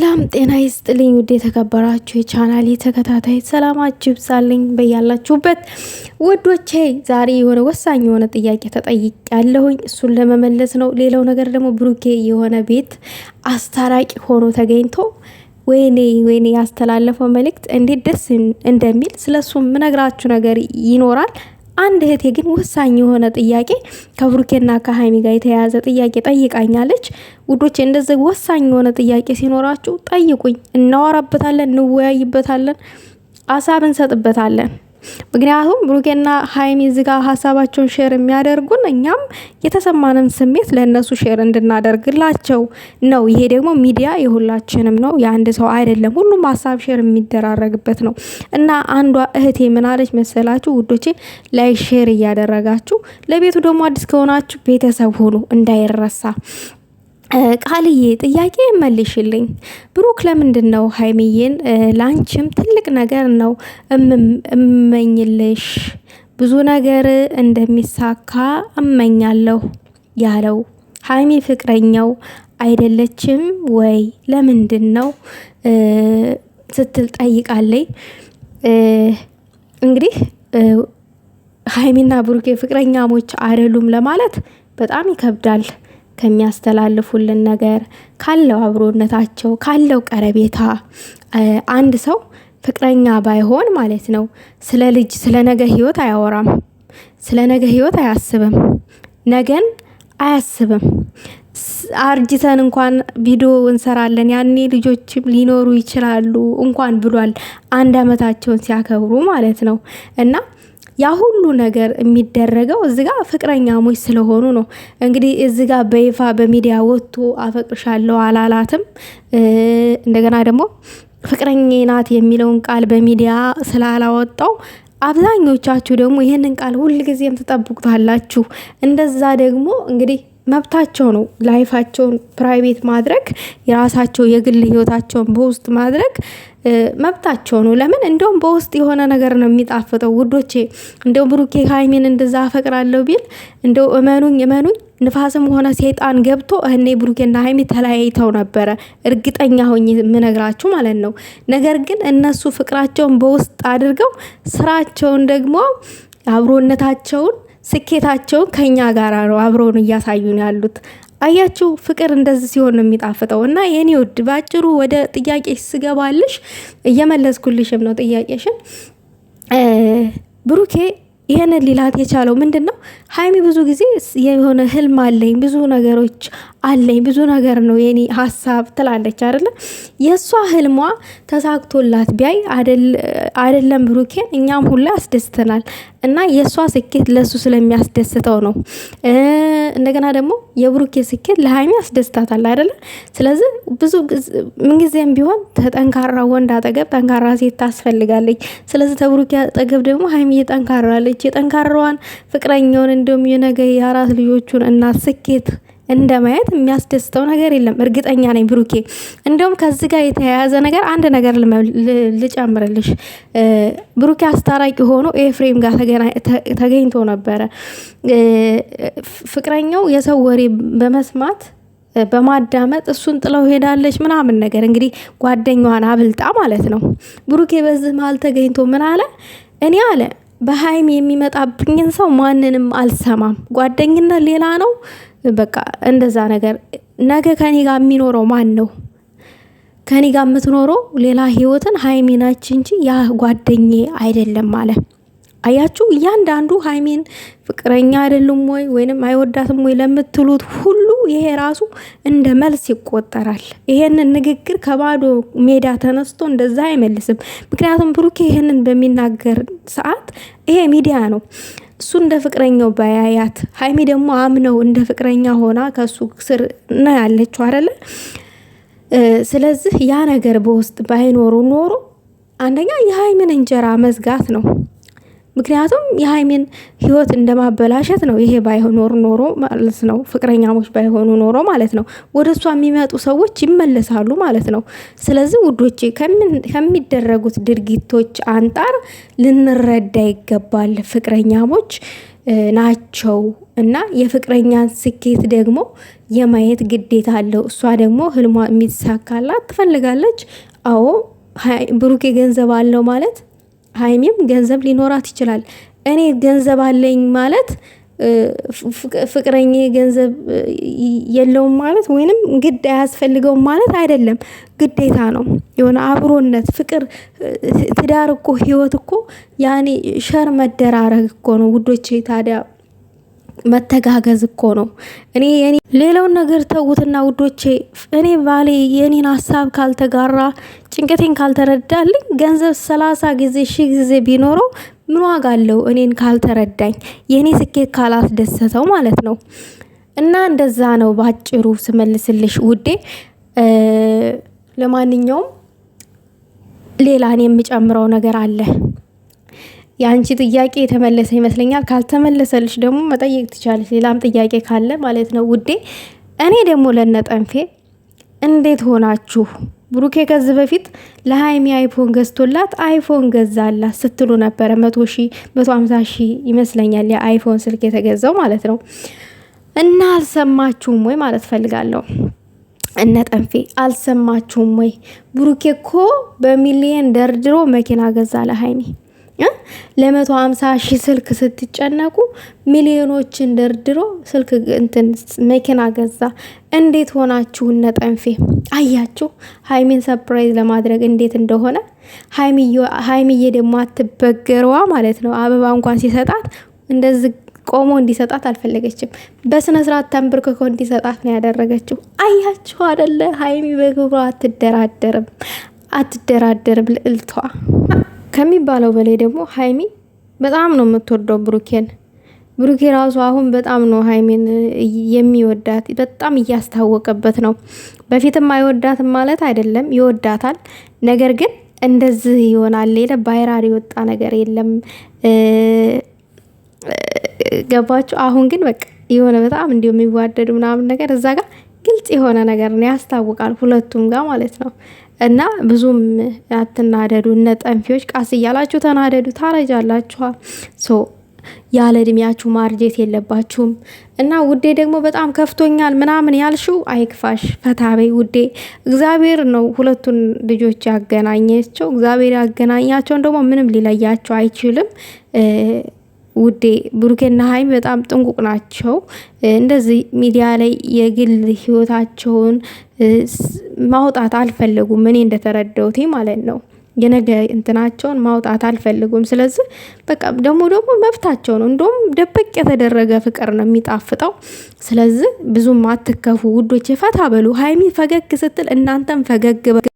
ሰላም ጤና ይስጥልኝ። ውድ የተከበራችሁ የቻናል የተከታታይ ሰላማችሁ ይብዛልኝ በያላችሁበት ወዶቼ። ዛሬ የሆነ ወሳኝ የሆነ ጥያቄ ተጠይቅ ያለሁኝ እሱን ለመመለስ ነው። ሌላው ነገር ደግሞ ብሩኬ የሆነ ቤት አስታራቂ ሆኖ ተገኝቶ ወይኔ ወይኔ ያስተላለፈው መልእክት እንዴት ደስ እንደሚል ስለሱ ምነግራችሁ ነገር ይኖራል። አንድ እህቴ ግን ወሳኝ የሆነ ጥያቄ ከብሩኬና ከሀይሚ ጋር የተያያዘ ጥያቄ ጠይቃኛለች። ውዶቼ እንደዚህ ወሳኝ የሆነ ጥያቄ ሲኖራችሁ ጠይቁኝ፣ እናወራበታለን፣ እንወያይበታለን፣ አሳብ እንሰጥበታለን። ምክንያቱም ብሩኬና ሀይሚ ዝጋ ሀሳባቸውን ሼር የሚያደርጉን እኛም የተሰማንን ስሜት ለእነሱ ሼር እንድናደርግላቸው ነው። ይሄ ደግሞ ሚዲያ የሁላችንም ነው፣ የአንድ ሰው አይደለም። ሁሉም ሀሳብ ሼር የሚደራረግበት ነው እና አንዷ እህቴ ምናለች መሰላችሁ ውዶቼ፣ ላይ ሼር እያደረጋችሁ ለቤቱ ደግሞ አዲስ ከሆናችሁ ቤተሰብ ሆኑ እንዳይረሳ ቃልዬ ጥያቄ መልሽልኝ። ብሩክ ለምንድን ነው ሀይሚዬን ላንቺም ትልቅ ነገር ነው እመኝልሽ ብዙ ነገር እንደሚሳካ እመኛለሁ ያለው? ሀይሚ ፍቅረኛው አይደለችም ወይ ለምንድን ነው ስትል ጠይቃለይ። እንግዲህ ሀይሚና ብሩኬ ፍቅረኛሞች አይደሉም ለማለት በጣም ይከብዳል። ከሚያስተላልፉልን ነገር ካለው አብሮነታቸው ካለው ቀረቤታ አንድ ሰው ፍቅረኛ ባይሆን ማለት ነው ስለ ልጅ ስለ ነገ ህይወት አያወራም፣ ስለ ነገ ህይወት አያስብም፣ ነገን አያስብም። አርጅተን እንኳን ቪዲዮ እንሰራለን ያኔ ልጆችም ሊኖሩ ይችላሉ እንኳን ብሏል አንድ አመታቸውን ሲያከብሩ ማለት ነው እና ያ ሁሉ ነገር የሚደረገው እዚ ጋ ፍቅረኛሞች ስለሆኑ ነው። እንግዲህ እዚ ጋ በይፋ በሚዲያ ወጥቶ አፈቅርሻለሁ አላላትም። እንደገና ደግሞ ፍቅረኛ ናት የሚለውን ቃል በሚዲያ ስላላወጣው አብዛኞቻችሁ ደግሞ ይህንን ቃል ሁልጊዜም ትጠብቁታላችሁ። እንደዛ ደግሞ እንግዲህ መብታቸው ነው። ላይፋቸውን ፕራይቬት ማድረግ የራሳቸው የግል ህይወታቸውን በውስጥ ማድረግ መብታቸው ነው። ለምን እንደውም በውስጥ የሆነ ነገር ነው የሚጣፍጠው ውዶቼ። እንደው ብሩኬ ሀይሜን እንደዛ አፈቅራለሁ ቢል እንደው እመኑኝ እመኑኝ ንፋስም ሆነ ሴጣን ገብቶ እኔ ብሩኬና ሀይሚ ተለያይተው ነበረ፣ እርግጠኛ ሆኝ የምነግራችሁ ማለት ነው። ነገር ግን እነሱ ፍቅራቸውን በውስጥ አድርገው ስራቸውን ደግሞ አብሮነታቸውን ስኬታቸውን ከኛ ጋር ነው አብረውን እያሳዩን ያሉት። አያችሁ ፍቅር እንደዚህ ሲሆን ነው የሚጣፍጠው። እና የኔ ውድ በአጭሩ ወደ ጥያቄ ስገባልሽ እየመለስኩልሽም ነው ጥያቄሽን። ብሩኬ ይህንን ሊላት የቻለው ምንድን ነው? ሀይሚ ብዙ ጊዜ የሆነ ህልም አለኝ፣ ብዙ ነገሮች አለኝ፣ ብዙ ነገር ነው የኔ ሀሳብ ትላለች አይደለ? የእሷ ህልሟ ተሳክቶላት ቢያይ አይደለም ብሩኬን እኛም ሁላ ያስደስተናል። እና የእሷ ስኬት ለእሱ ስለሚያስደስተው ነው። እንደገና ደግሞ የብሩኬ ስኬት ለሀይሚ ያስደስታታል አይደለ? ስለዚህ ብዙ ምንጊዜም ቢሆን ተጠንካራ ወንድ አጠገብ ጠንካራ ሴት ታስፈልጋለች። ስለዚህ ተብሩኬ አጠገብ ደግሞ ሀይሚ እየጠንካራለች። የጠንካራዋን ፍቅረኛውን እንዲሁም የነገ የአራት ልጆቹን እናት ስኬት እንደ ማየት የሚያስደስተው ነገር የለም። እርግጠኛ ነኝ ብሩኬ። እንደውም ከዚህ ጋር የተያያዘ ነገር አንድ ነገር ልጨምርልሽ። ብሩኬ አስታራቂ ሆኖ ኤፍሬም ጋር ተገኝቶ ነበረ። ፍቅረኛው የሰው ወሬ በመስማት በማዳመጥ እሱን ጥለው ሄዳለች ምናምን ነገር እንግዲህ ጓደኛዋን አብልጣ ማለት ነው። ብሩኬ በዚህ መሀል ተገኝቶ ምን አለ? እኔ አለ በሀይም የሚመጣብኝን ሰው ማንንም አልሰማም። ጓደኝነት ሌላ ነው በቃ እንደዛ ነገር። ነገ ከኔ ጋር የሚኖረው ማን ነው? ከኔ ጋር የምትኖረው ሌላ ህይወትን ሀይሜናች እንጂ ያ ጓደኜ አይደለም አለ። አያችሁ፣ እያንዳንዱ ሀይሜን ፍቅረኛ አይደሉም ወይ ወይንም አይወዳትም ወይ ለምትሉት ሁሉ ይሄ ራሱ እንደ መልስ ይቆጠራል። ይሄንን ንግግር ከባዶ ሜዳ ተነስቶ እንደዛ አይመልስም። ምክንያቱም ብሩኬ ይሄንን በሚናገር ሰዓት ይሄ ሚዲያ ነው እሱ እንደ ፍቅረኛው በያያት ሀይሚ ደግሞ አምነው እንደ ፍቅረኛ ሆና ከእሱ ስር ነው ያለችው አይደለ? ስለዚህ ያ ነገር በውስጥ ባይኖሩ ኖሮ አንደኛ የሀይምን እንጀራ መዝጋት ነው። ምክንያቱም የሀይሜን ህይወት እንደማበላሸት ነው። ይሄ ባይኖር ኖሮ ማለት ነው፣ ፍቅረኛሞች ባይሆኑ ኖሮ ማለት ነው፣ ወደ እሷ የሚመጡ ሰዎች ይመለሳሉ ማለት ነው። ስለዚህ ውዶች ከሚደረጉት ድርጊቶች አንጣር ልንረዳ ይገባል። ፍቅረኛሞች ናቸው እና የፍቅረኛን ስኬት ደግሞ የማየት ግዴታ አለው። እሷ ደግሞ ህልሟ የሚሳካላት ትፈልጋለች። አዎ ብሩኬ ገንዘብ አለው ማለት ሀይሚም ገንዘብ ሊኖራት ይችላል። እኔ ገንዘብ አለኝ ማለት ፍቅረኛ ገንዘብ የለውም ማለት ወይንም ግድ አያስፈልገውም ማለት አይደለም። ግዴታ ነው። የሆነ አብሮነት፣ ፍቅር፣ ትዳር እኮ ህይወት እኮ ያኔ ሸር መደራረግ እኮ ነው ውዶቼ ታዲያ መተጋገዝ እኮ ነው። እኔ የኔ ሌላውን ነገር ተዉትና ውዶቼ፣ እኔ ባሌ የኔን ሀሳብ ካልተጋራ ጭንቀቴን ካልተረዳልኝ ገንዘብ ሰላሳ ጊዜ ሺ ጊዜ ቢኖረው ምን ዋጋ አለው? እኔን ካልተረዳኝ የእኔ ስኬት ካላስደሰተው ማለት ነው። እና እንደዛ ነው ባጭሩ ስመልስልሽ ውዴ። ለማንኛውም ሌላን የምጨምረው ነገር አለ። የአንቺ ጥያቄ የተመለሰ ይመስለኛል። ካልተመለሰልሽ ደግሞ መጠየቅ ትቻለሽ፣ ሌላም ጥያቄ ካለ ማለት ነው ውዴ። እኔ ደግሞ ለነጠንፌ እንዴት ሆናችሁ ብሩኬ ከዚህ በፊት ለሀይሚ አይፎን ገዝቶላት አይፎን ገዛላት ስትሉ ነበረ። መቶ ሺ መቶ ሀምሳ ሺ ይመስለኛል የአይፎን ስልክ የተገዛው ማለት ነው። እና አልሰማችሁም ወይ ማለት ፈልጋለሁ። እነ ጠንፌ አልሰማችሁም ወይ? ብሩኬ እኮ በሚሊየን ደርድሮ መኪና ገዛ ለሀይሚ ለመቶ ሀምሳ ሺህ ስልክ ስትጨነቁ ሚሊዮኖችን ደርድሮ ስልክ እንትን መኪና ገዛ። እንዴት ሆናችሁ እነ ጠንፌ? አያችሁ ሀይሚን ሰፕራይዝ ለማድረግ እንዴት እንደሆነ። ሀይሚዬ ደግሞ አትበገረዋ ማለት ነው። አበባ እንኳን ሲሰጣት እንደዚህ ቆሞ እንዲሰጣት አልፈለገችም። በስነ ስርዓት ተንብርክኮ እንዲሰጣት ነው ያደረገችው። አያችሁ አደለ? ሀይሚ በግብሯ አትደራደርም፣ አትደራደርም ልዕልቷ ከሚባለው በላይ ደግሞ ሀይሚ በጣም ነው የምትወደው ብሩኬን። ብሩኬ ራሱ አሁን በጣም ነው ሀይሚን የሚወዳት፣ በጣም እያስታወቀበት ነው። በፊትም አይወዳትም ማለት አይደለም ይወዳታል። ነገር ግን እንደዚህ ይሆናል ሌለ ባይራር የወጣ ነገር የለም። ገባችሁ? አሁን ግን በቃ የሆነ በጣም እንዲሁ የሚዋደዱ ምናምን ነገር እዛ ጋር ግልጽ የሆነ ነገር ነው ያስታውቃል፣ ሁለቱም ጋር ማለት ነው። እና ብዙም አትናደዱ። እነ ጠንፊዎች ቃስ እያላችሁ ተናደዱ፣ ታረጃላችኋ። ሶ ያለ እድሜያችሁ ማርጀት የለባችሁም። እና ውዴ ደግሞ በጣም ከፍቶኛል ምናምን ያልሽው አይክፋሽ፣ ፈታበይ ውዴ። እግዚአብሔር ነው ሁለቱን ልጆች ያገናኘቸው። እግዚአብሔር ያገናኛቸውን ደግሞ ምንም ሊለያቸው አይችልም። ውዴ ብሩኬና ሀይሚ በጣም ጥንቁቅ ናቸው። እንደዚህ ሚዲያ ላይ የግል ህይወታቸውን ማውጣት አልፈለጉም። እኔ እንደተረዳሁት ማለት ነው የነገ እንትናቸውን ማውጣት አልፈልጉም። ስለዚህ በቃ ደግሞ ደግሞ መብታቸው ነው። እንደውም ደበቅ የተደረገ ፍቅር ነው የሚጣፍጠው። ስለዚህ ብዙም አትከፉ ውዶች፣ ፈታ በሉ። ሀይሚ ፈገግ ስትል እናንተም ፈገግ